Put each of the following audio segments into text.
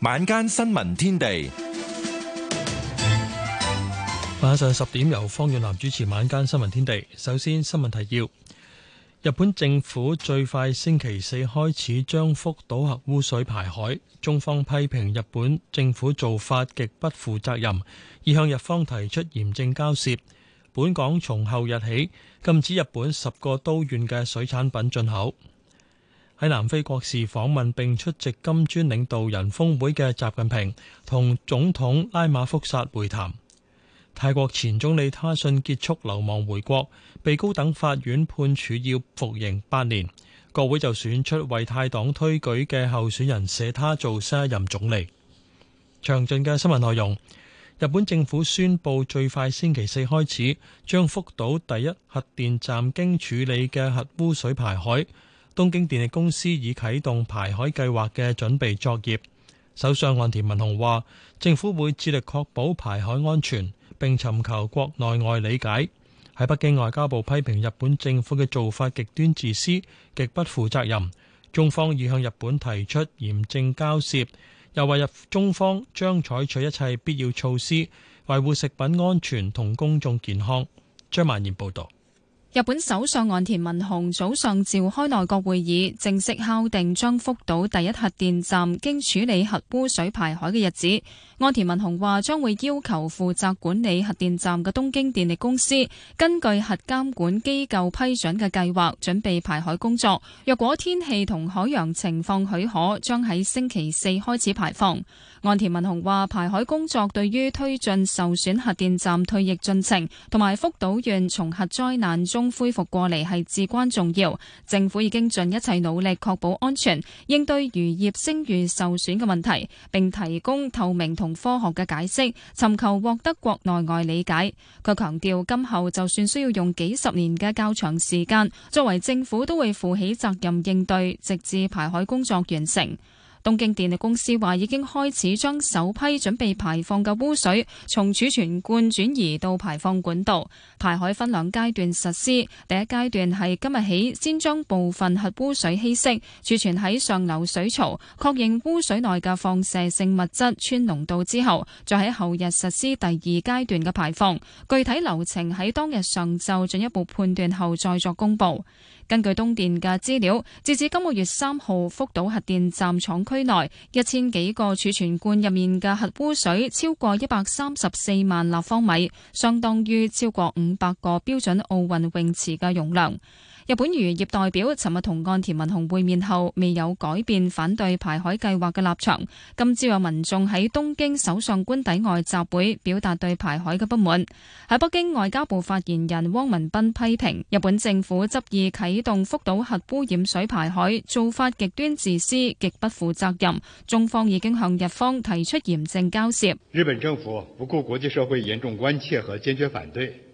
晚間新聞天地，晚上十點由方遠南主持。晚間新聞天地，首先新聞提要：日本政府最快星期四開始，將福島核污水排海，中方批評日本政府做法極不負責任，已向日方提出嚴正交涉。本港從後日起禁止日本十個都縣嘅水產品進口。喺南非國事訪問並出席金磚領導人峰會嘅習近平同總統拉馬福薩會談。泰國前總理他信結束流亡回國，被高等法院判處要服刑八年。國會就選出為泰黨推舉嘅候選人社他做新一任總理。詳盡嘅新聞內容。日本政府宣布最快星期四開始，將福島第一核電站經處理嘅核污水排海。東京電力公司已啟動排海計劃嘅準備作業。首相岸田文雄話，政府會致力確保排海安全，並尋求國內外理解。喺北京，外交部批評日本政府嘅做法極端自私、極不負責任。中方已向日本提出嚴正交涉，又話日中方將採取一切必要措施，維護食品安全同公眾健康。張曼然報導。日本首相岸田文雄早上召開內閣會議，正式敲定將福島第一核電站經處理核污水排海嘅日子。岸田文雄話，將會要求負責管理核電站嘅東京電力公司，根據核監管機構批准嘅計劃，準備排海工作。若果天氣同海洋情況許可，將喺星期四開始排放。岸田文雄話：排海工作對於推進受損核電站退役進程同埋福島縣從核災難中恢復過嚟係至關重要。政府已經盡一切努力確保安全，應對漁業聲譽受損嘅問題，並提供透明同科學嘅解釋，尋求獲得國內外理解。佢強調，今後就算需要用幾十年嘅較長時間，作為政府都會負起責任應對，直至排海工作完成。東京電力公司話已經開始將首批準備排放嘅污水從儲存罐轉移到排放管道，排海分兩階段實施。第一階段係今日起先將部分核污水稀釋儲存喺上流水槽，確認污水內嘅放射性物質氚濃度之後，再喺後日實施第二階段嘅排放。具體流程喺當日上晝進一步判斷後再作公布。根據東電嘅資料，截至今個月三號，福島核電站廠區內一千幾個儲存罐入面嘅核污水超過一百三十四萬立方米，相當於超過五百個標準奧運泳池嘅容量。日本漁業代表尋日同岸田文雄會面後未有改變反對排海計劃嘅立場，今朝有民眾喺東京首相官邸外集會表達對排海嘅不滿。喺北京，外交部發言人汪文斌批評日本政府執意啟動福島核污染水排海，做法極端自私、極不負責任。中方已經向日方提出嚴正交涉。日本政府不顧國際社會嚴重關切和堅決反對，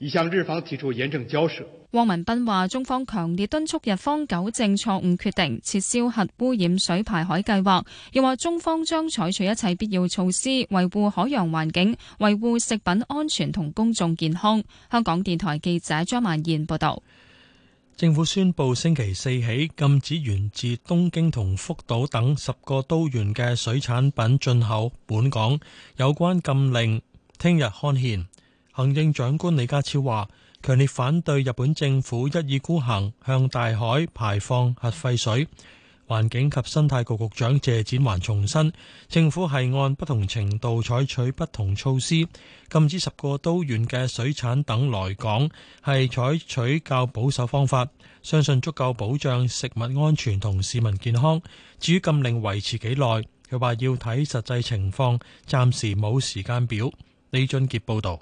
向日方提出嚴正交涉，汪文斌話：中方強烈敦促日方糾正錯誤決定，撤銷核污染水排海計劃。又話中方將採取一切必要措施，維護海洋環境、維護食品安全同公眾健康。香港電台記者張萬燕報道。政府宣布星期四起禁止源自東京同福島等十個都縣嘅水產品進口本港。有關禁令聽日刊憲。行政長官李家超話，強烈反對日本政府一意孤行向大海排放核廢水。環境及生態局局長謝展寰重申，政府係按不同程度採取不同措施，禁止十個都縣嘅水產等來港，係採取較保守方法，相信足夠保障食物安全同市民健康。至於禁令維持幾耐，佢話要睇實際情況，暫時冇時間表。李俊傑報道。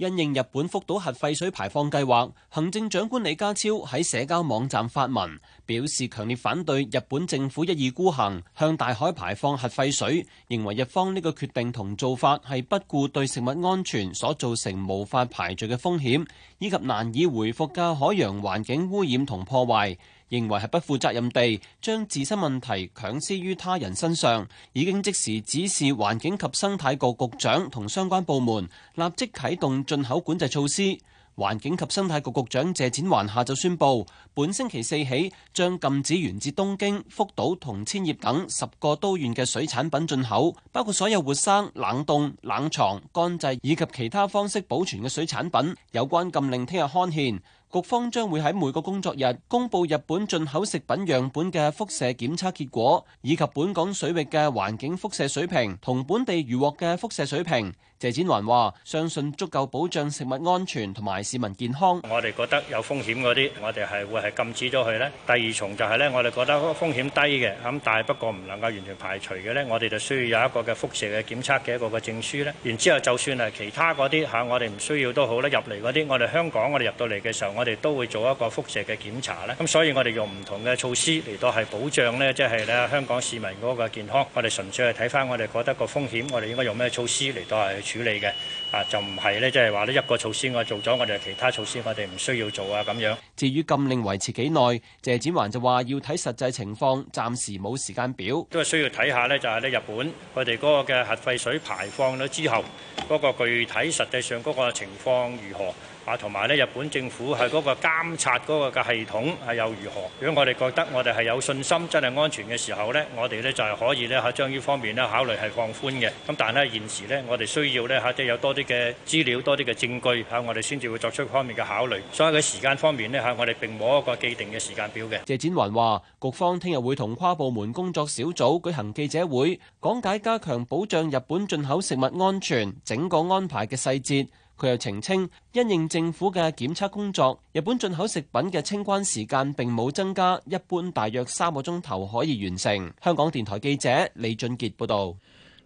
因應日本福島核廢水排放計劃，行政長官李家超喺社交網站發文，表示強烈反對日本政府一意孤行向大海排放核廢水，認為日方呢個決定同做法係不顧對食物安全所造成無法排除嘅風險，以及難以回復嘅海洋環境污染同破壞。認為係不負責任地將自身問題強施於他人身上，已經即時指示環境及生態局局長同相關部門立即啟動進口管制措施。環境及生態局局長謝展環下晝宣布，本星期四起將禁止源自東京、福島同千葉等十個都縣嘅水產品進口，包括所有活生、冷凍、冷藏、乾製以及其他方式保存嘅水產品。有關禁令聽日刊憲。局方將會喺每個工作日公佈日本進口食品樣本嘅輻射檢測結果，以及本港水域嘅環境輻射水平同本地漁獲嘅輻射水平。謝展寰話：相信足夠保障食物安全同埋市民健康。我哋覺得有風險嗰啲，我哋係會係禁止咗佢咧。第二重就係咧，我哋覺得風險低嘅咁，但係不過唔能夠完全排除嘅咧，我哋就需要有一個嘅輻射嘅檢測嘅一個嘅證書咧。然之後就算係其他嗰啲吓，我哋唔需要都好咧，入嚟嗰啲，我哋香港我哋入到嚟嘅時候，我哋都會做一個輻射嘅檢查咧。咁所以我哋用唔同嘅措施嚟到係保障咧，即係咧香港市民嗰個健康。我哋純粹係睇返我哋覺得個風險，我哋應該用咩措施嚟到係。處理嘅啊，就唔係咧，即係話呢一個措施我做咗，我哋其他措施我哋唔需要做啊，咁樣。至於禁令維持幾耐，謝展環就話要睇實際情況，暫時冇時間表，都係需要睇下呢，就係呢日本佢哋嗰個嘅核廢水排放咗之後，嗰個具體實際上嗰個情況如何。啊，同埋咧，日本政府係嗰個監察嗰個嘅系統係又如何？如果我哋覺得我哋係有信心真係安全嘅時候呢，我哋呢就係可以咧嚇將呢方面咧考慮係放寬嘅。咁但係咧現時呢，我哋需要呢，嚇即係有多啲嘅資料、多啲嘅證據嚇，我哋先至會作出方面嘅考慮。所以喺時間方面呢，嚇，我哋並冇一個既定嘅時間表嘅。謝展寰話：局方聽日會同跨部門工作小組舉行記者會，講解加強保障日本進口食物安全整個安排嘅細節。佢又澄清，因應政府嘅檢測工作，日本進口食品嘅清關時間並冇增加，一般大約三個鐘頭可以完成。香港電台記者李俊杰報道。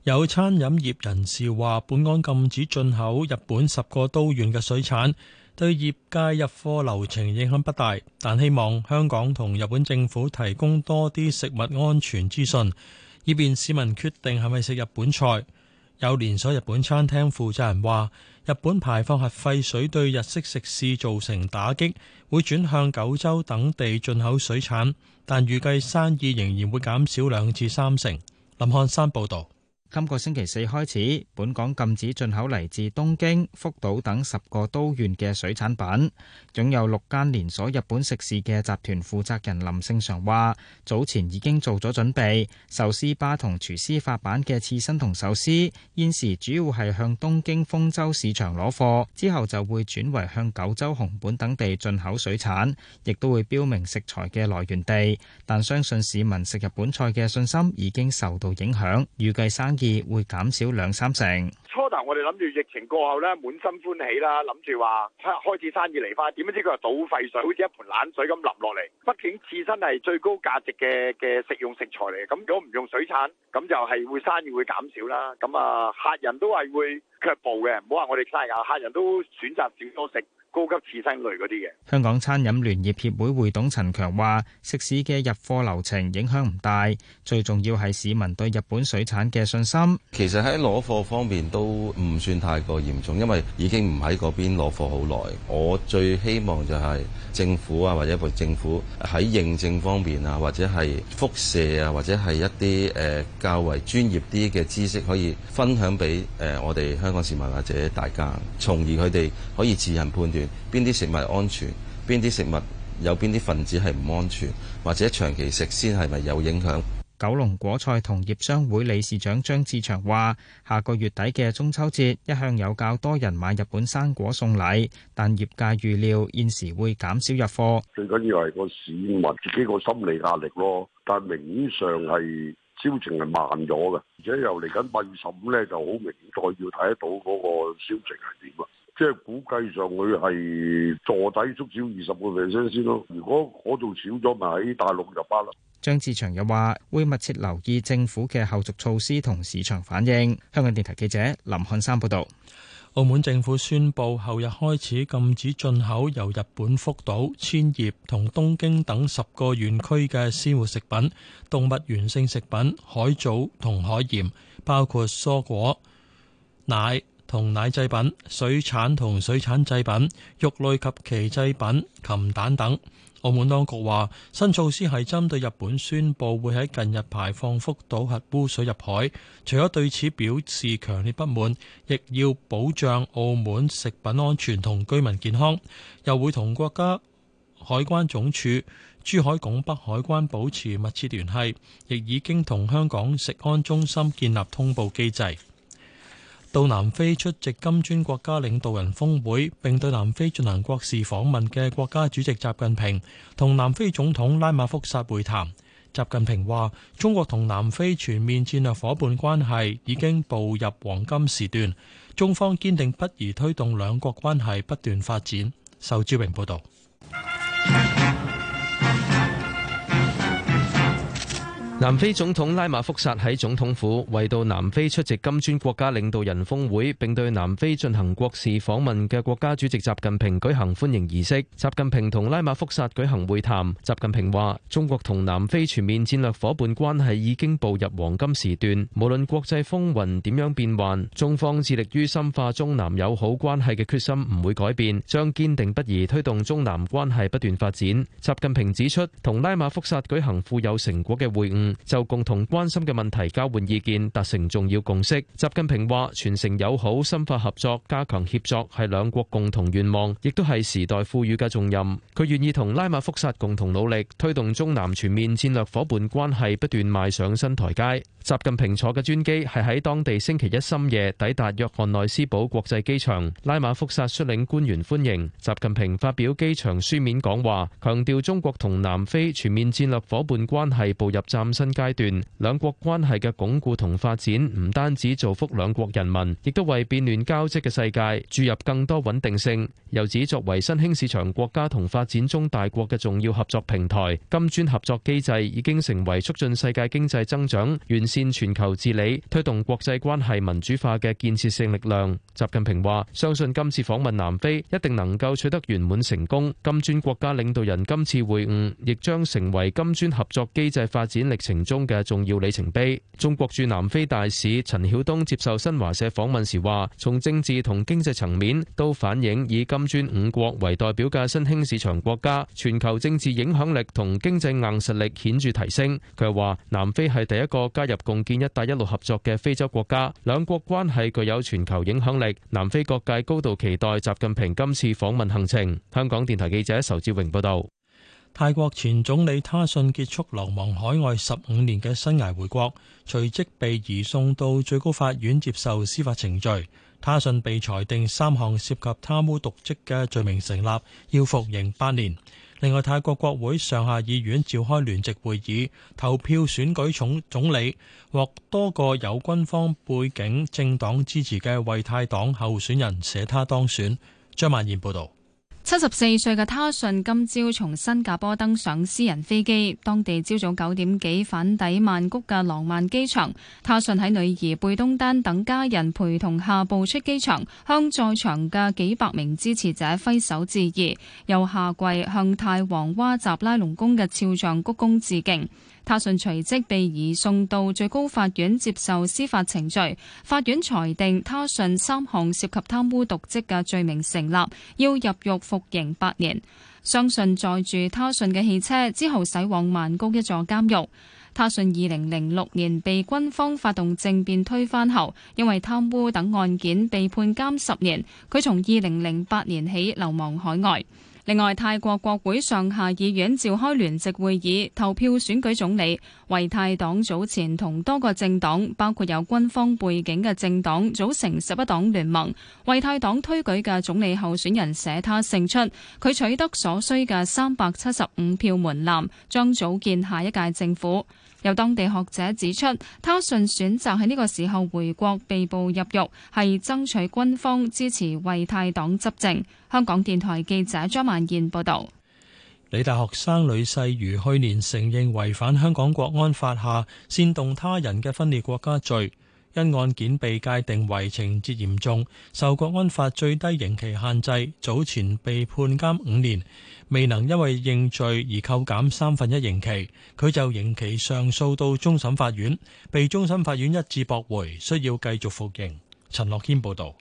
有餐飲業人士話，本港禁止進口日本十個都縣嘅水產，對業界入貨流程影響不大，但希望香港同日本政府提供多啲食物安全資訊，以便市民決定係咪食日本菜。有連鎖日本餐廳負責人話。日本排放核廢水對日式食肆造成打擊，會轉向九州等地進口水產，但預計生意仍然會減少兩至三成。林漢山報導。今個星期四開始，本港禁止進口嚟自東京、福島等十個都縣嘅水產品。總有六間連鎖日本食肆嘅集團負責人林勝常話：早前已經做咗準備，壽司吧同廚師發辦嘅刺身同壽司。現時主要係向東京豐洲市場攞貨，之後就會轉為向九州熊本等地進口水產，亦都會標明食材嘅來源地。但相信市民食日本菜嘅信心已經受到影響，預計生意會減少兩三成。初頭我哋諗住疫情過後咧，滿心歡喜啦，諗住話開始生意嚟翻。點不知佢係倒廢水，好似一盆冷水咁淋落嚟。畢竟刺身係最高價值嘅嘅食用食材嚟，咁如果唔用水產，咁就係會生意會減少啦。咁啊，客人都係會卻步嘅，唔好話我哋嘥呀，客人都選擇少多食。高級刺身類啲嘅。香港餐飲聯業協會會董陳強話食肆嘅入貨流程影響唔大，最重要係市民對日本水產嘅信心。其實，喺攞貨方面都唔算太過嚴重，因為已經唔喺嗰邊攞貨好耐。我最希望就係政府啊，或者政府喺認證方面啊，或者係輻射啊，或者係一啲誒較為專業啲嘅知識可以分享俾誒我哋香港市民或者大家，從而佢哋可以自行判斷。邊啲食物安全，邊啲食物有邊啲分子係唔安全，或者長期食先係咪有影響？九龍果菜同業商會理事長張志祥話，下個月底嘅中秋節，一向有較多人買日本生果送禮，但業界預料現時會減少入貨。最緊要係個市民自己個心理壓力咯，但明顯上係銷情係慢咗嘅，而且又嚟緊八月十五咧，就好明在要睇得到嗰個銷情係點啦。即係估計上，佢係坐底縮少二十個 percent 先咯。如果嗰度少咗，咪喺大陸入巴啦。張志祥又話：會密切留意政府嘅後續措施同市場反應。香港電台記者林漢山報道。澳門政府宣布，後日開始禁止進口由日本福島、千葉同東京等十個縣區嘅鮮活食品、動物源性食品、海藻同海鹽，包括蔬果、奶、同奶製品、水產同水產製品、肉類及其製品、禽蛋等。澳門當局話，新措施係針對日本宣布會喺近日排放福島核污水入海，除咗對此表示強烈不滿，亦要保障澳門食品安全同居民健康，又會同國家海關總署、珠海拱北海關保持密切聯繫，亦已經同香港食安中心建立通報機制。到南非出席金磚國家領導人峰會，並對南非進行國事訪問嘅國家主席習近平同南非總統拉馬福薩會談。習近平話，中國同南非全面戰略伙伴關係已經步入黃金時段，中方堅定不移推動兩國關係不斷發展。受朱榮報道。 南非總統拉馬福薩喺總統府為到南非出席金磚國家領導人峰會，並對南非進行國事訪問嘅國家主席習近平舉行歡迎儀式。習近平同拉馬福薩舉行會談。習近平話：中國同南非全面戰略夥伴關係已經步入黃金時段，無論國際風雲點樣變幻，中方致力於深化中南友好關係嘅決心唔會改變，將堅定不移推動中南關係不斷發展。習近平指出，同拉馬福薩舉行富有成果嘅會晤。就共同關心嘅問題交換意見，達成重要共識。習近平話，傳承友好、深化合作、加強協作，係兩國共同願望，亦都係時代賦予嘅重任。佢願意同拉馬福薩共同努力，推動中南全面戰略夥伴關係不斷邁上新台階。習近平坐嘅專機係喺當地星期一深夜抵達約翰內斯堡國際機場，拉馬福薩率領官員歡迎習近平發表機場書面講話，強調中國同南非全面戰略夥伴關係步入嶄新階段，兩國關係嘅鞏固同發展唔單止造福兩國人民，亦都為變亂交織嘅世界注入更多穩定性。又指作為新興市場國家同發展中大國嘅重要合作平台，金磚合作機制已經成為促進世界經濟增長、完。建全球治理、推動國際關係民主化嘅建設性力量。習近平話：相信今次訪問南非一定能夠取得圓滿成功。金磚國家領導人今次會晤亦將成為金磚合作機制發展歷程中嘅重要里程碑。中國駐南非大使陳曉東接受新華社訪問時話：從政治同經濟層面都反映，以金磚五國為代表嘅新興市場國家，全球政治影響力同經濟硬實力顯著提升。佢又話：南非係第一個加入。共建“一帶一路”合作嘅非洲國家，兩國關係具有全球影響力。南非各界高度期待習近平今次訪問行程。香港電台記者仇志榮報導。泰國前總理他信結束流亡海外十五年嘅生涯回國，隨即被移送到最高法院接受司法程序。他信被裁定三項涉及貪污、瀆職嘅罪名成立，要服刑八年。另外，泰國國會上下議院召開聯席會議投票選舉總理，獲多個有軍方背景政黨支持嘅為泰黨候選人寫他當選。張曼燕報導。七十四歲嘅他信今朝從新加坡登上私人飛機，當地朝早九點幾返抵曼谷嘅廊曼機場。他信喺女兒貝東丹等家人陪同下步出機場，向在場嘅幾百名支持者揮手致意，又下跪向泰王哇札拉隆功嘅肖像鞠躬致敬。他信隨即被移送到最高法院接受司法程序，法院裁定他信三項涉及貪污瀆職嘅罪名成立，要入獄服刑八年。相信載住他信嘅汽車之後駛往曼谷一座監獄。他信二零零六年被軍方發動政變推翻後，因為貪污等案件被判監十年，佢從二零零八年起流亡海外。另外，泰國國會上下議院召開聯席會議投票選舉總理。為泰黨早前同多個政黨，包括有軍方背景嘅政黨，組成十一黨聯盟。為泰黨推舉嘅總理候選人舍他勝出，佢取得所需嘅三百七十五票門檻，將組建下一屆政府。有當地學者指出，他信選擇喺呢個時候回國被捕入獄，係爭取軍方支持為泰黨執政。香港電台記者張萬燕報導。理大學生李世如去年承認違反香港國安法下煽動他人嘅分裂國家罪，因案件被界定為情節嚴重，受國安法最低刑期限制，早前被判監五年。未能因為認罪而扣減三分一刑期，佢就刑期上訴到終審法院，被終審法院一致駁回，需要繼續服刑。陳樂軒報導。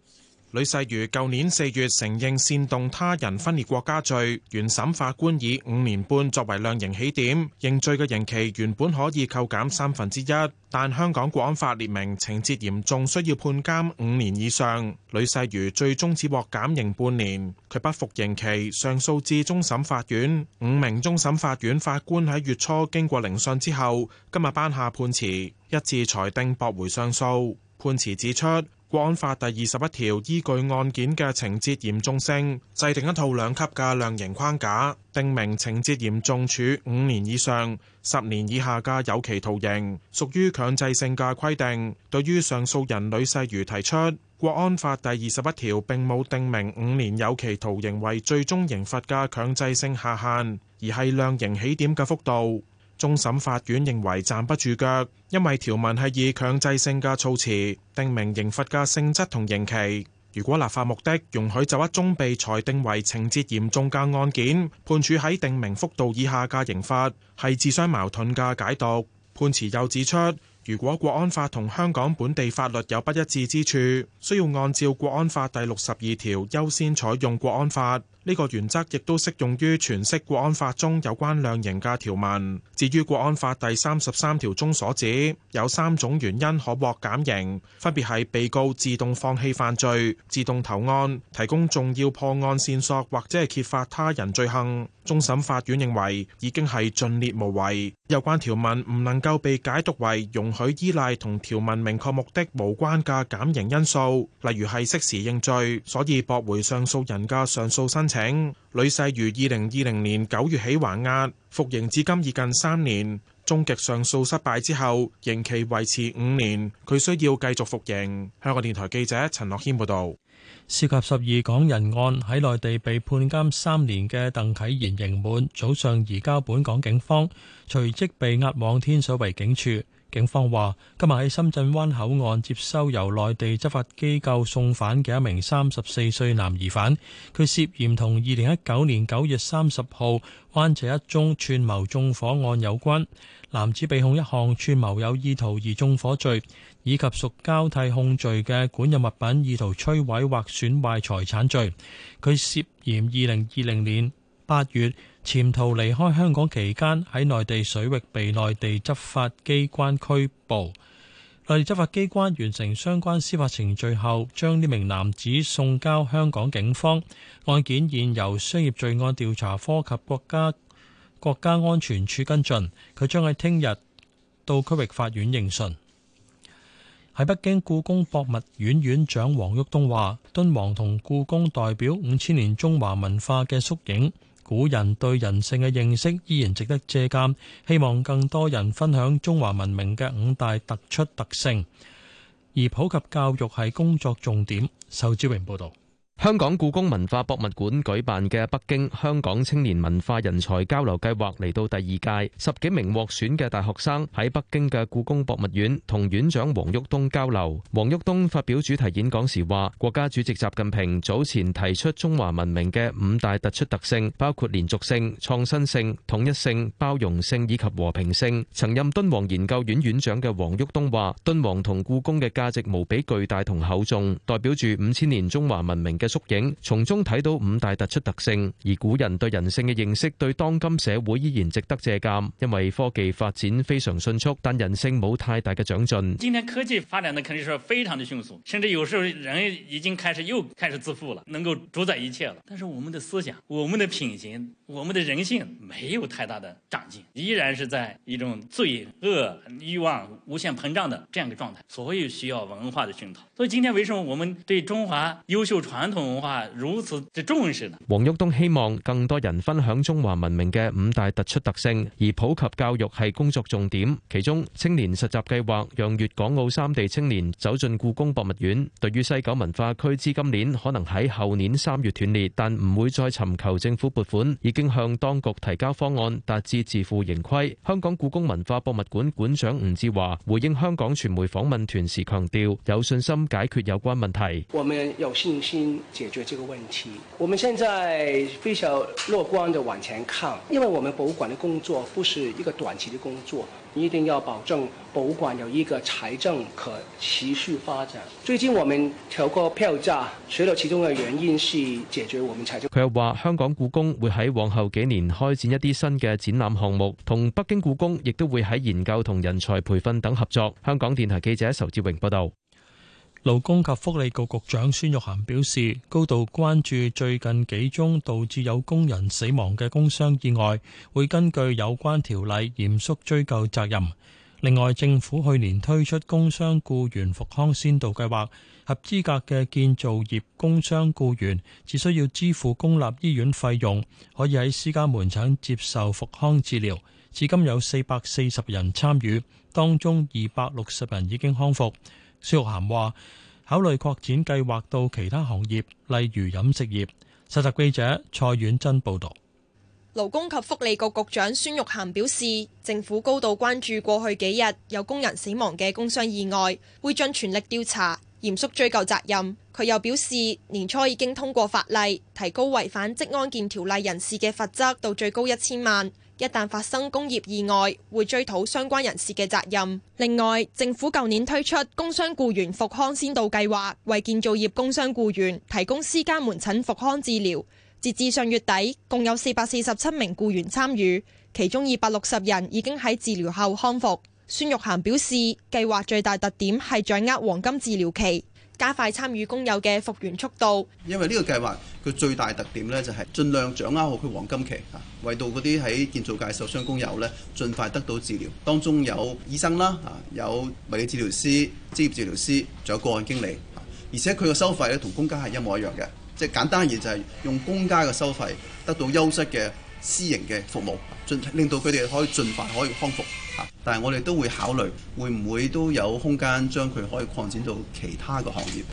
呂世如舊年四月承認煽動他人分裂國家罪，原審法官以五年半作為量刑起點，認罪嘅刑期原本可以扣減三分之一，但香港國安法列明情節嚴重，需要判監五年以上，呂世如最終只獲減刑半年。佢不服刑期，上訴至終審法院。五名終審法院法官喺月初經過聆訊之後，今日頒下判詞，一致裁定駁回上訴。判詞指出。國安法第二十一條依據案件嘅情節嚴重性，制定一套兩級嘅量刑框架，定明情節嚴重處五年以上、十年以下嘅有期徒刑，屬於強制性嘅規定。對於上訴人呂世如提出，國安法第二十一條並冇定明五年有期徒刑為最終刑罰嘅強制性下限，而係量刑起點嘅幅度。終審法院認為站不住腳，因為條文係以強制性嘅措辭定明刑罰嘅性質同刑期。如果立法目的容許就一宗被裁定為情節嚴重嘅案件判處喺定明幅度以下嘅刑罰，係自相矛盾嘅解讀。判詞又指出，如果國安法同香港本地法律有不一致之處，需要按照國安法第六十二條優先採用國安法。呢個原則亦都適用於詮釋國安法中有關量刑嘅條文。至於國安法第三十三條中所指有三種原因可獲減刑，分別係被告自動放棄犯罪、自動投案、提供重要破案線索或者係揭發他人罪行。終審法院認為已經係盡列無遺，有關條文唔能夠被解讀為容許依賴同條文明確目的無關嘅減刑因素，例如係適時認罪，所以駁回上訴人嘅上訴申請。請女婿於二零二零年九月起還押服刑，至今已近三年。終極上訴失敗之後，刑期維持五年，佢需要繼續服刑。香港電台記者陳樂謙報道。涉及十二港人案喺內地被判監三年嘅鄧啟賢刑滿，早上移交本港警方，隨即被押往天水圍警署。警方話：今日喺深圳灣口岸接收由內地執法機構送返嘅一名三十四歲男疑犯，佢涉嫌同二零一九年九月三十號灣仔一宗串謀縱火案有關。男子被控一項串謀有意圖而縱火罪，以及屬交替控罪嘅管有物品意圖摧毀或損壞財產罪。佢涉嫌二零二零年八月潛逃離開香港期間，喺內地水域被內地執法機關拘捕。內地執法機關完成相關司法程序後，將呢名男子送交香港警方。案件現由商業罪案調查科及國家國家安全處跟進。佢將喺聽日到區域法院應訊。喺北京，故宮博物院院院長王旭東話，敦煌同故宮代表五千年中華文化嘅縮影。古人對人性嘅認識依然值得借鑒，希望更多人分享中華文明嘅五大突出特性，而普及教育係工作重點，仇志榮報道。香港故宮文化博物館舉辦嘅北京香港青年文化人才交流計劃嚟到第二屆，十幾名獲選嘅大學生喺北京嘅故宮博物院同院長王旭東交流。王旭東發表主題演講時話，國家主席習近平早前提出中華文明嘅五大突出特性，包括連續性、創新性、統一性、包容性以及和平性。曾任敦煌研究院院長嘅王旭東話，敦煌同故宮嘅價值無比巨大同厚重，代表住五千年中華文明嘅。縮影，從中睇到五大突出特性，而古人對人性嘅認識對當今社會依然值得借鑒，因為科技發展非常迅速，但人性冇太大嘅長進。今天科技發展的肯定是非常的迅速，甚至有時候人已經開始又開始自負了，能夠主宰一切了。但是我們的思想、我們的品行、我們的人性沒有太大的長進，依然是在一種罪惡、欲望無限膨脹的這樣一個狀態，所以需要文化的熏陶。所以今天為什麼我們對中華優秀傳統。文化如此之重視呢？王旭東希望更多人分享中華文明嘅五大突出特性，而普及教育係工作重點。其中青年實習計劃讓粵港澳三地青年走進故宮博物院。對於西九文化區資金鏈可能喺後年三月斷裂，但唔會再尋求政府撥款，已經向當局提交方案，達至自負盈虧。香港故宮文化博物館館長吳志華回應香港傳媒訪問團時強調，有信心解決有關問題。我們有信心。解決這個問題，我們現在非常樂觀地往前看，因為我們博物館的工作不是一個短期的工作，一定要保證博物館有一個財政可持續發展。最近我們調過票價，除了其中的原因是解決我們財政，佢又話香港故宮會喺往後幾年開展一啲新嘅展覽項目，同北京故宮亦都會喺研究同人才培訓等合作。香港電台記者仇志榮報道。勞工及福利局局長孫玉菡表示，高度關注最近幾宗導致有工人死亡嘅工傷意外，會根據有關條例嚴肅追究責任。另外，政府去年推出工傷僱員復康先導計劃，合資格嘅建造業工傷僱員只需要支付公立醫院費用，可以喺私家門診接受復康治療。至今有四百四十人參與，當中二百六十人已經康復。孫玉菡話，考慮擴展計劃到其他行業，例如飲食業。實習記者蔡婉珍報道。勞工及福利局局，局長孫玉菡表示，政府高度關注過去幾日有工人死亡嘅工傷意外，會盡全力調查，嚴肅追究責任。佢又表示，年初已經通過法例，提高違反職安健條例人士嘅罰則到最高一千萬。一旦發生工業意外，會追討相關人士嘅責任。另外，政府舊年推出工傷僱員復康先導計劃，為建造業工傷僱員提供私家門診復康治療。截至上月底，共有四百四十七名僱員參與，其中二百六十人已經喺治療後康復。孫玉涵表示，計劃最大特點係掌握黃金治療期。加快參與工友嘅復原速度，因為呢個計劃佢最大特點呢就係盡量掌握好佢黃金期啊，為到嗰啲喺建造界受傷工友呢盡快得到治療。當中有醫生啦，有物理治療師、職業治療師，仲有個案經理，而且佢個收費呢同公家係一模一樣嘅，即係簡單而言就係用公家嘅收費得到優質嘅。私營嘅服務，令到佢哋可以儘快可以康復。嚇，但係我哋都會考慮，會唔會都有空間將佢可以擴展到其他嘅行業？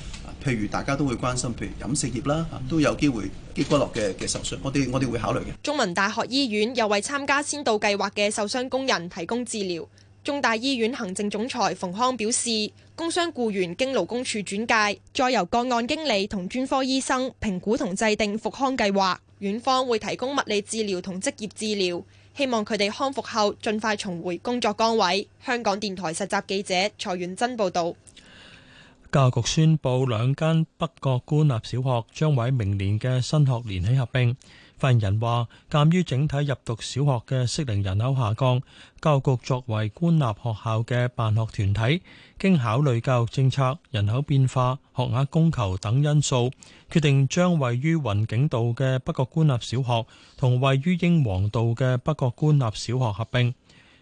譬如大家都會關心，譬如飲食業啦，都有機會激骨落嘅嘅手術。我哋我哋會考慮嘅。中文大學醫院又為參加先導計劃嘅受傷工人提供治療。中大醫院行政總裁馮康表示，工傷僱員經勞工處轉介，再由個案經理同專科醫生評估同制定復康計劃。院方會提供物理治療同職業治療，希望佢哋康復後盡快重回工作崗位。香港電台實習記者蔡遠真報導。教育局宣布兩間北角官立小學將喺明年嘅新學年起合併。份人話，鑒於整體入讀小學嘅適齡人口下降，教育局作為官立學校嘅辦學團體，經考慮教育政策、人口變化、學額供求等因素，決定將位於雲景道嘅北角官立小學同位於英皇道嘅北角官立小學合併。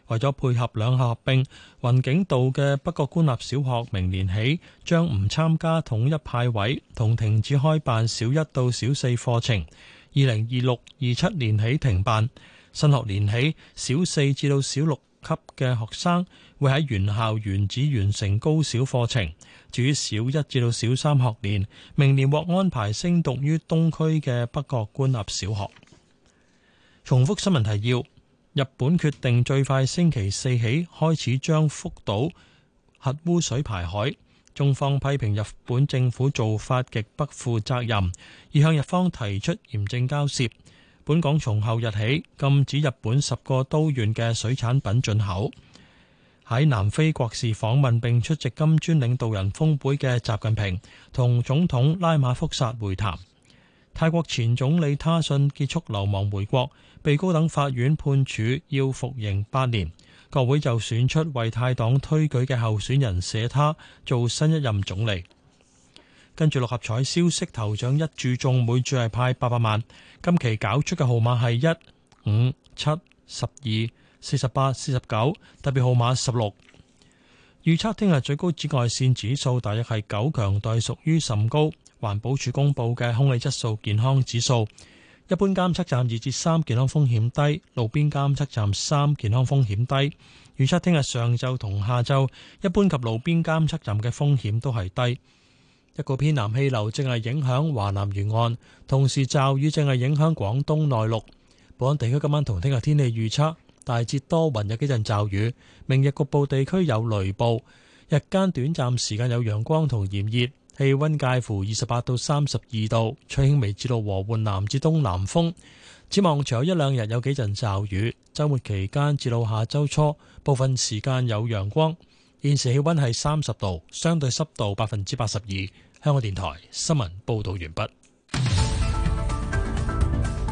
為咗配合兩校合併，雲景道嘅北角官立小學明年起將唔參加統一派位，同停止開辦小一到小四課程。二零二六二七年起停辦，新學年起小四至到小六級嘅學生會喺原校原址完成高小課程。至於小一至到小三學年，明年獲安排升讀於東區嘅北角官立小學。重複新聞提要：日本決定最快星期四起開始將福島核污水排海。中方批評日本政府做法極不負責任，而向日方提出嚴正交涉。本港從後日起禁止日本十個都縣嘅水產品進口。喺南非國事訪問並出席金磚領導人峰會嘅習近平同總統拉馬福薩會談。泰國前總理他信結束流亡回國，被高等法院判處要服刑八年。國會就選出為泰黨推舉嘅候選人，寫他做新一任總理。跟住六合彩消息，頭獎一注中，每注係派八百萬。今期搞出嘅號碼係一五七十二四十八四十九，特別號碼十六。預測聽日最高紫外線指數大約係九強，但係屬於甚高。環保署公布嘅空氣質素健康指數。一般監測站二至三，健康風險低，路邊監測站三，健康風險低。預測聽日上晝同下晝一般及路邊監測站嘅風險都係低。一個偏南氣流正係影響華南沿岸，同時驟雨正係影響廣東內陸。本港地區今晚同聽日天氣預測，大致多雲，有幾陣驟雨。明日局部地區有雷暴，日間短暫時間有陽光同炎熱。氣溫介乎二十八到三十二度，吹輕微至到和緩南至東南風。展望除有一兩日有幾陣驟雨，周末期間至到下周初部分時間有陽光。現時氣溫係三十度，相對濕度百分之八十二。香港電台新聞報道完畢。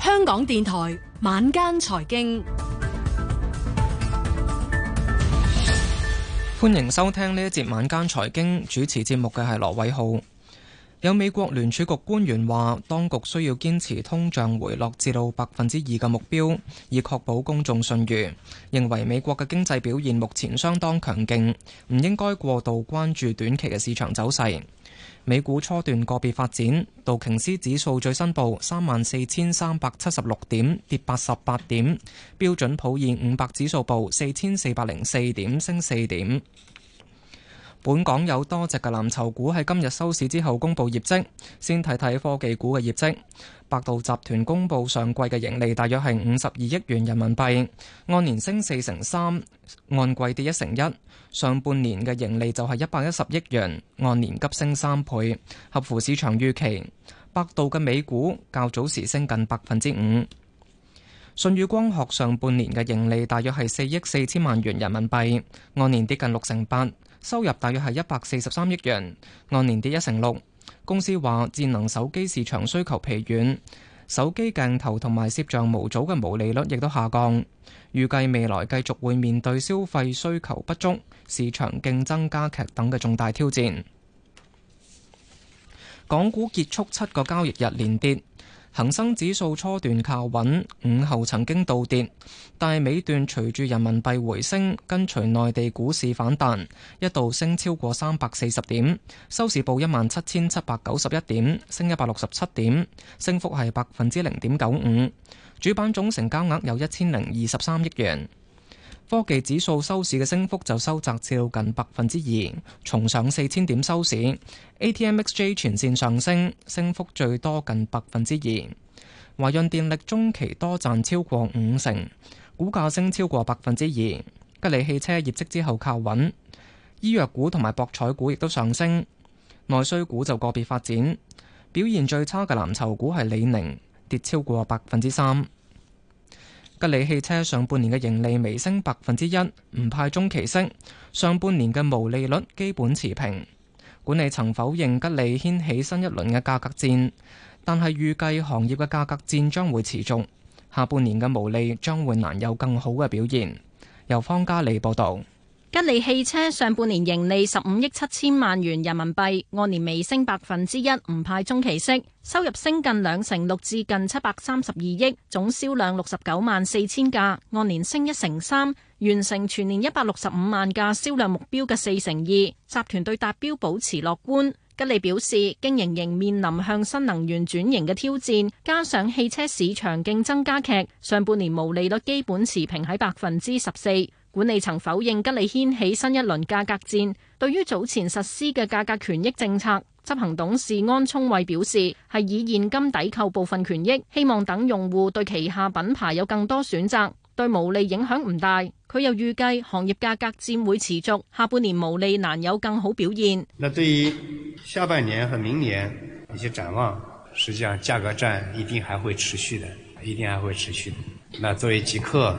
香港電台晚間財經。歡迎收聽呢一節晚間財經，主持節目嘅係羅偉浩。有美國聯儲局官員話，當局需要堅持通脹回落至到百分之二嘅目標，以確保公眾信譽。認為美國嘅經濟表現目前相當強勁，唔應該過度關注短期嘅市場走勢。美股初段個別發展，道瓊斯指數最新報三萬四千三百七十六點，跌八十八點；標準普爾五百指數報四千四百零四點，升四點。本港有多隻嘅藍籌股喺今日收市之後公布業績。先睇睇科技股嘅業績。百度集團公布上季嘅盈利大約係五十二億元人民幣，按年升四成三，按季跌一成一。上半年嘅盈利就係一百一十億元，按年急升三倍，合乎市場預期。百度嘅美股較早時升近百分之五。舜宇光學上半年嘅盈利大約係四億四千萬元人民幣，按年跌近六成八。收入大約係一百四十三億元，按年跌一成六。公司話智能手機市場需求疲軟，手機鏡頭同埋攝像模組嘅毛利率亦都下降。預計未來繼續會面對消費需求不足、市場競爭加劇等嘅重大挑戰。港股結束七個交易日連跌。恒生指數初段靠穩，午後曾經倒跌，但係尾段隨住人民幣回升，跟隨內地股市反彈，一度升超過三百四十點，收市報一萬七千七百九十一點，升一百六十七點，升幅係百分之零點九五，主板總成交額有一千零二十三億元。科技指數收市嘅升幅就收窄至近百分之二，重上四千點收市。ATMXJ 全線上升，升幅最多近百分之二。華潤電力中期多賺超過五成，股價升超過百分之二。吉利汽車業績之後靠穩，醫藥股同埋博彩股亦都上升。內需股就個別發展，表現最差嘅藍籌股係李寧，跌超過百分之三。吉利汽車上半年嘅盈利微升百分之一，唔派中期息。上半年嘅毛利率基本持平。管理層否認吉利掀起新一輪嘅價格戰，但係預計行業嘅價格戰將會持續，下半年嘅毛利將會難有更好嘅表現，由方嘉利報道。吉利汽車上半年盈利十五億七千萬元人民幣，按年微升百分之一，唔派中期息，收入升近兩成六至近七百三十二億，總銷量六十九萬四千架，按年升一成三，3, 完成全年一百六十五萬架銷量目標嘅四成二。2, 集團對達標保持樂觀。吉利表示，經營仍面臨向新能源轉型嘅挑戰，加上汽車市場競爭加劇，上半年毛利率基本持平喺百分之十四。管理層否認吉利掀起新一輪價格戰。對於早前實施嘅價格權益政策，執行董事安聰慧表示：係以現金抵扣部分權益，希望等用戶對旗下品牌有更多選擇，對毛利影響唔大。佢又預計行業價格戰會持續，下半年毛利難有更好表現。那對於下半年和明年一些展望，實際上價格戰一定還會持續的，一定還會持續的。那作為極客。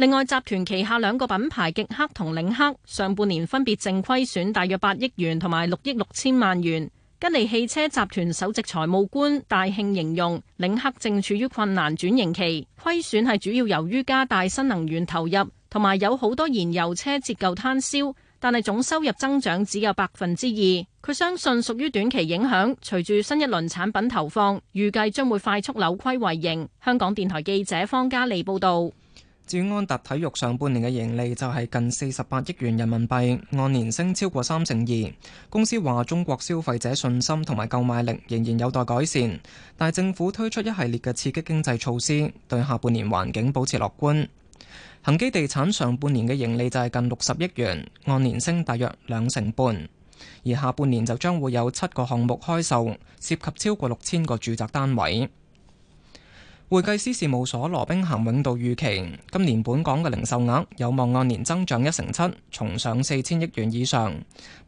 另外，集團旗下兩個品牌極克同領克上半年分別淨虧損大約八億元同埋六億六千萬元。吉利汽車集團首席財務官大慶形容，領克正處於困難轉型期，虧損係主要由於加大新能源投入，同埋有好多燃油車折舊攤銷，但係總收入增長只有百分之二。佢相信屬於短期影響，隨住新一輪產品投放，預計將會快速扭虧為盈。香港電台記者方嘉利報道。至於安踏體育上半年嘅盈利就係近四十八億元人民幣，按年升超過三成二。公司話中國消費者信心同埋購買力仍然有待改善，但政府推出一系列嘅刺激經濟措施，對下半年環境保持樂觀。恒基地產上半年嘅盈利就係近六十億元，按年升大約兩成半，而下半年就將會有七個項目開售，涉及超過六千個住宅單位。會計師事務所羅兵咸永道預期，今年本港嘅零售額有望按年增長一成七，重上四千億元以上。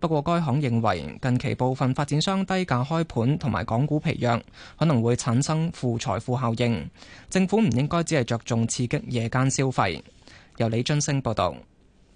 不過，該行認為近期部分發展商低價開盤同埋港股疲弱，可能會產生負財富效應。政府唔應該只係着重刺激夜間消費。由李津升報道。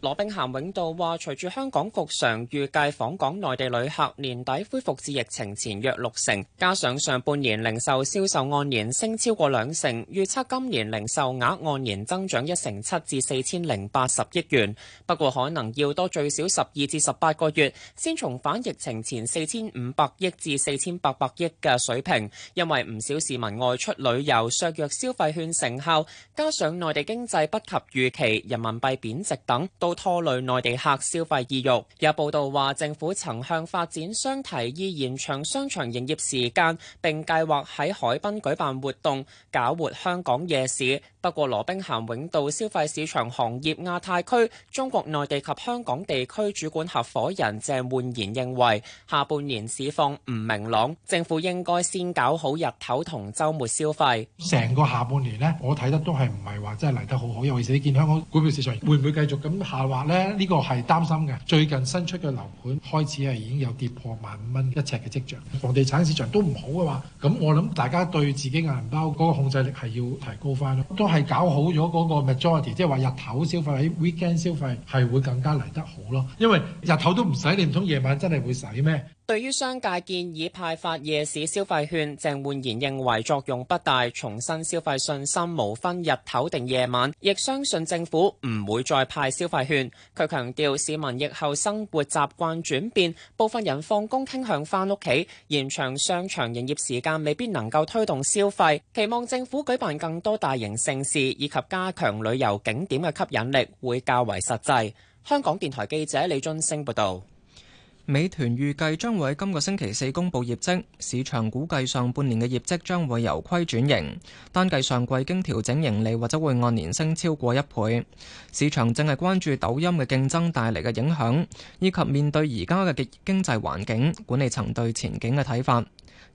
羅兵咸永道話，隨住香港復常，預計訪港內地旅客年底恢復至疫情前約六成，加上上半年零售銷售按年升超過兩成，預測今年零售額按年增長一成七至四千零八十億元。不過，可能要多最少十二至十八個月先重返疫情前四千五百億至四千八百億嘅水平，因為唔少市民外出旅遊削弱消費券成效，加上內地經濟不及預期、人民幣貶值等，到拖累內地客消費意欲。有報道話，政府曾向發展商提議延長商場營業時間，並計劃喺海濱舉辦活動，搞活香港夜市。不過，羅兵咸永道消費市場行業亞太區中國內地及香港地區主管合伙人鄭煥然認為，下半年市況唔明朗，政府應該先搞好日頭同週末消費。成個下半年呢，我睇得都係唔係話真係嚟得好好，尤其是你見香港股票市場會唔會繼續咁下？話咧，呢個係擔心嘅。最近新出嘅樓盤開始係已經有跌破萬五蚊一尺嘅跡象，房地產市場都唔好嘅話。咁我諗大家對自己銀包嗰個控制力係要提高翻咯，都係搞好咗嗰個 majority，即係話日頭消費喺 weekend 消費係會更加嚟得好咯，因為日頭都唔使，你唔通夜晚真係會使咩？對於商界建議派發夜市消費券，鄭煥然認為作用不大，重新消費信心無分日頭定夜晚，亦相信政府唔會再派消費券。佢強調市民疫後生活習慣轉變，部分人放工傾向返屋企，延長商場營業時間未必能夠推動消費。期望政府舉辦更多大型盛事以及加強旅遊景點嘅吸引力，會較為實際。香港電台記者李津升報導。美團預計將會喺今個星期四公布業績，市場估計上半年嘅業績將會由虧轉盈。單計上季經調整盈利或者會按年升超過一倍。市場正係關注抖音嘅競爭帶嚟嘅影響，以及面對而家嘅經濟環境，管理層對前景嘅睇法。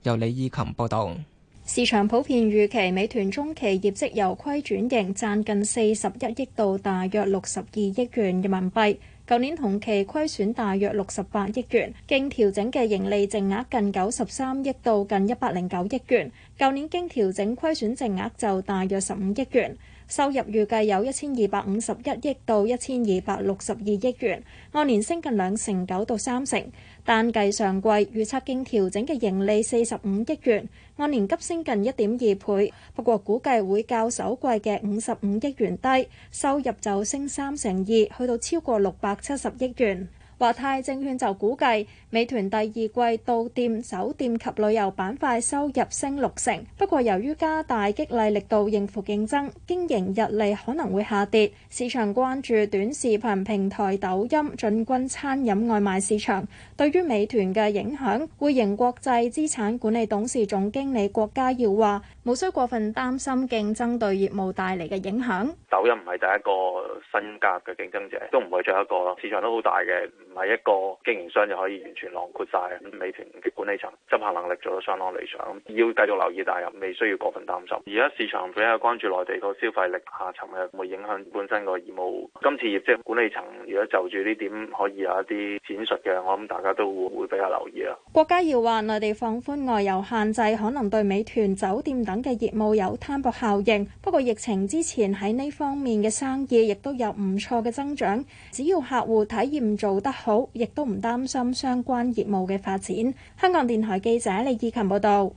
由李意琴報道。市場普遍預期美團中期業績由虧轉盈，賺近四十一億到大約六十二億元人民幣。舊年同期虧損大約六十八億元，經調整嘅盈利淨額近九十三億到近一百零九億元。舊年經調整虧損淨額就大約十五億元。收入預計有一千二百五十一億到一千二百六十二億元，按年升近兩成九到三成。單計上季預測經調整嘅盈利四十五億元，按年急升近一點二倍。不過估計會較首季嘅五十五億元低，收入就升三成二，去到超過六百七十億元。華泰證券就估計，美團第二季到店、酒店及旅遊板塊收入升六成。不過由於加大激勵力度應付競爭，經營日利可能會下跌。市場關注短視頻平台抖音進軍餐飲外賣市場，對於美團嘅影響，匯盈國際資產管理董事總經理郭家耀話：無需過分擔心競爭對業務帶嚟嘅影響。抖音唔係第一個新加入嘅競爭者，都唔係最後一個咯。市場都好大嘅。唔係一個經營商就可以完全囊括晒嘅，美團嘅管理層執行能力做得相當理想，要繼續留意，但又未需要過分擔心。而家市場比較關注內地個消費力下沉係會影響本身個業務。今次業績管理層如果就住呢點可以有一啲展述嘅，我諗大家都會比較留意啦。國家要話內地放寬外遊限制，可能對美團酒店等嘅業務有攤薄效應。不過疫情之前喺呢方面嘅生意亦都有唔錯嘅增長，只要客戶體驗做得好，亦都唔擔心相關業務嘅發展。香港電台記者李意勤報道，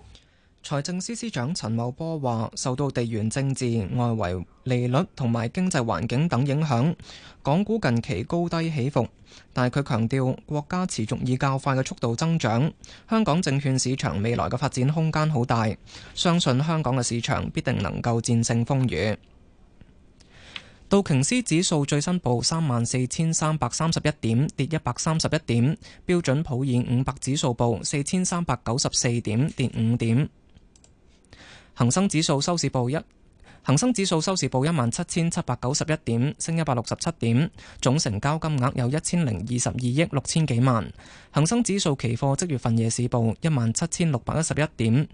財政司司長陳茂波話：受到地緣政治、外圍利率同埋經濟環境等影響，港股近期高低起伏，但係佢強調國家持續以較快嘅速度增長，香港證券市場未來嘅發展空間好大，相信香港嘅市場必定能夠戰勝風雨。道瓊斯指數最新報三萬四千三百三十一點，跌一百三十一點。標準普爾五百指數報四千三百九十四點，跌五點。恒生指數收市報一，恒生指數收市報一萬七千七百九十一點，升一百六十七點。總成交金額有一千零二十二億六千幾萬。恒生指數期貨即月份夜市報一萬七千六百一十一點，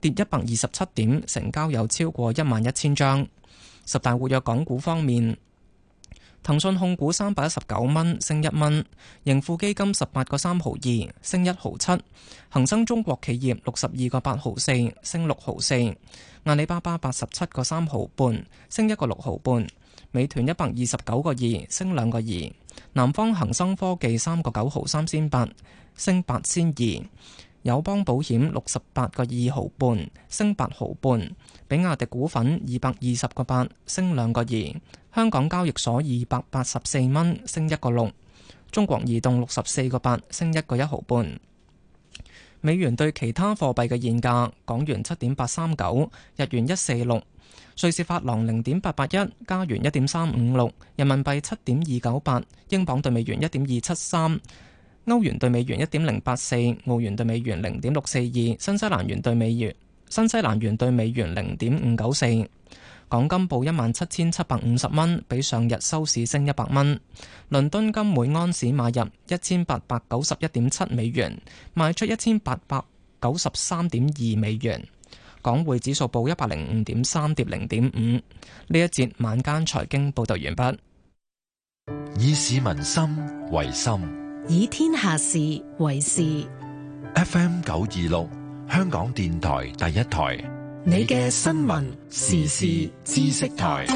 跌一百二十七點，成交有超過一萬一千張。十大活躍港股方面，騰訊控股三百一十九蚊，升一蚊；盈富基金十八個三毫二，升一毫七；恒生中國企業六十二個八毫四，升六毫四；阿里巴巴八十七個三毫半，升一個六毫半；美團一百二十九個二，升兩個二；南方恒生科技三個九毫三千八，升八千二；友邦保險六十八個二毫半，升八毫半。比亞迪股份二百二十個八，升兩個二，香港交易所二百八十四蚊，升一個六，中國移動六十四個八，升一個一毫半。美元對其他貨幣嘅現價：港元七點八三九，日元一四六，瑞士法郎零點八八一，加元一點三五六，人民幣七點二九八，英鎊對美元一點二七三，歐元對美元一點零八四，澳元對美元零點六四二，新西蘭元對美元。新西蘭元兌美元零點五九四，港金報一萬七千七百五十蚊，比上日收市升一百蚊。倫敦金每安士買入一千八百九十一點七美元，賣出一千八百九十三點二美元。港匯指數報一百零五點三，跌零點五。呢一節晚間財經報道完畢。以市民心為心，以天下事為事。FM 九二六。香港電台第一台，你嘅新聞時事知識台，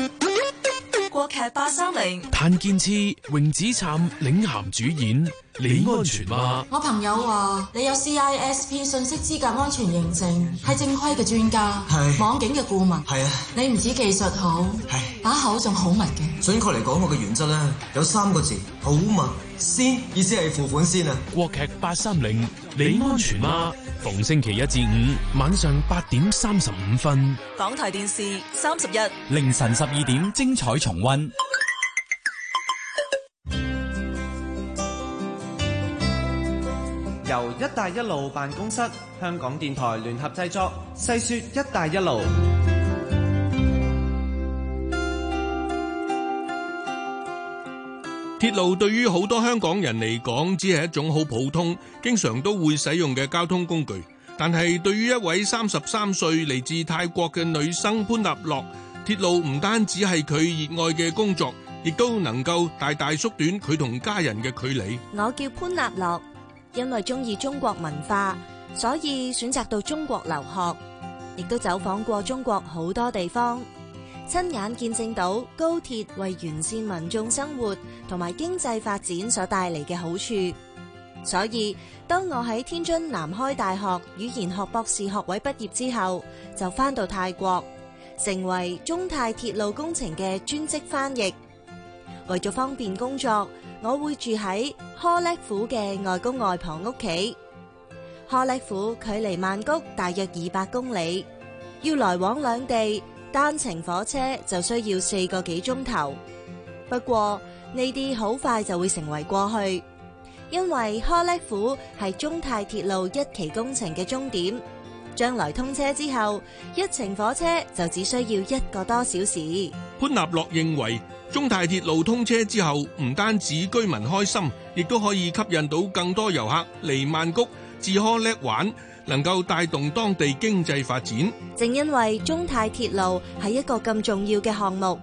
國劇八三零，譚建次、榮子燦領銜主演。你安全嗎？啊？我朋友話你有 CISP 信息資格安全認證，係正規嘅專家，係是網警嘅顧問，係啊，你唔止技術好，係把是口仲好密嘅。準確嚟講，我嘅原則咧有三個字：好密先，意思係付款先啊。國劇八三零，你安全嗎？啊？全啊？逢星期一至五晚上八點三十五分，港台電視三十一，凌晨十二點精彩重温。由“一帶一路”辦公室、香港電台聯合製作，細説“一帶一路”。鐵路對於好多香港人嚟講，只係一種好普通、經常都會使用嘅交通工具。但係，對於一位三十三歲嚟自泰國嘅女生潘立洛，鐵路唔單止係佢熱愛嘅工作，亦都能夠大大縮短佢同家人嘅距離。我叫潘立洛。因為中意中國文化，所以選擇到中國留學，亦都走訪過中國好多地方，親眼見證到高鐵為完善民眾生活同埋經濟發展所帶嚟嘅好處。所以，當我喺天津南開大學語言學博士學位畢業之後，就返到泰國，成為中泰鐵路工程嘅專職翻譯。為咗方便工作。我會住喺柯叻府嘅外公外婆屋企。柯叻府距離曼谷大約二百公里，要來往兩地，單程火車就需要四個幾鐘頭。不過呢啲好快就會成為過去，因為柯叻府係中泰鐵路一期工程嘅終點，將來通車之後，一程火車就只需要一個多小時。潘納洛認為。中泰鐵路通車之後，唔單止居民開心，亦都可以吸引到更多遊客嚟曼谷自 c 叻玩，能夠帶動當地經濟發展。正因為中泰鐵路係一個咁重要嘅項目，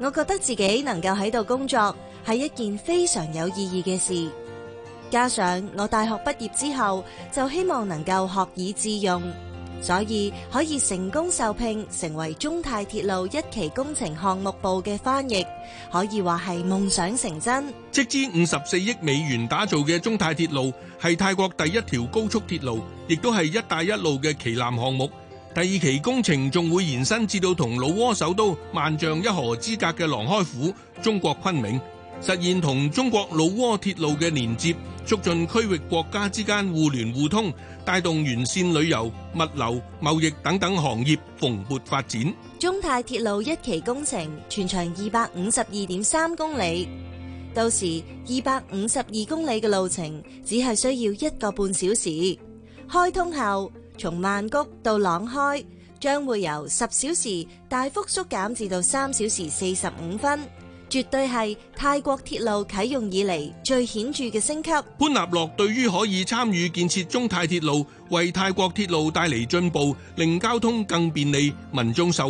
我覺得自己能夠喺度工作係一件非常有意義嘅事。加上我大學畢業之後，就希望能夠學以致用。所以可以成功受聘成為中泰鐵路一期工程項目部嘅翻譯，可以話係夢想成真。斥資五十四億美元打造嘅中泰鐵路係泰國第一條高速鐵路，亦都係一帶一路嘅旗艦項目。第二期工程仲會延伸至到同老撾首都萬象一河之隔嘅廊開府、中國昆明。實現同中國老撾鐵路嘅連接，促進區域國家之間互聯互通，帶動沿線旅遊、物流、貿易等等行業蓬勃發展。中泰鐵路一期工程全長二百五十二點三公里，到時二百五十二公里嘅路程只係需要一個半小時。開通後，從曼谷到廊開，將會由十小時大幅縮減至到三小時四十五分。絕對係泰國鐵路啟用以嚟最顯著嘅升級。潘納洛對於可以參與建設中泰鐵路，為泰國鐵路帶嚟進步，令交通更便利，民眾受。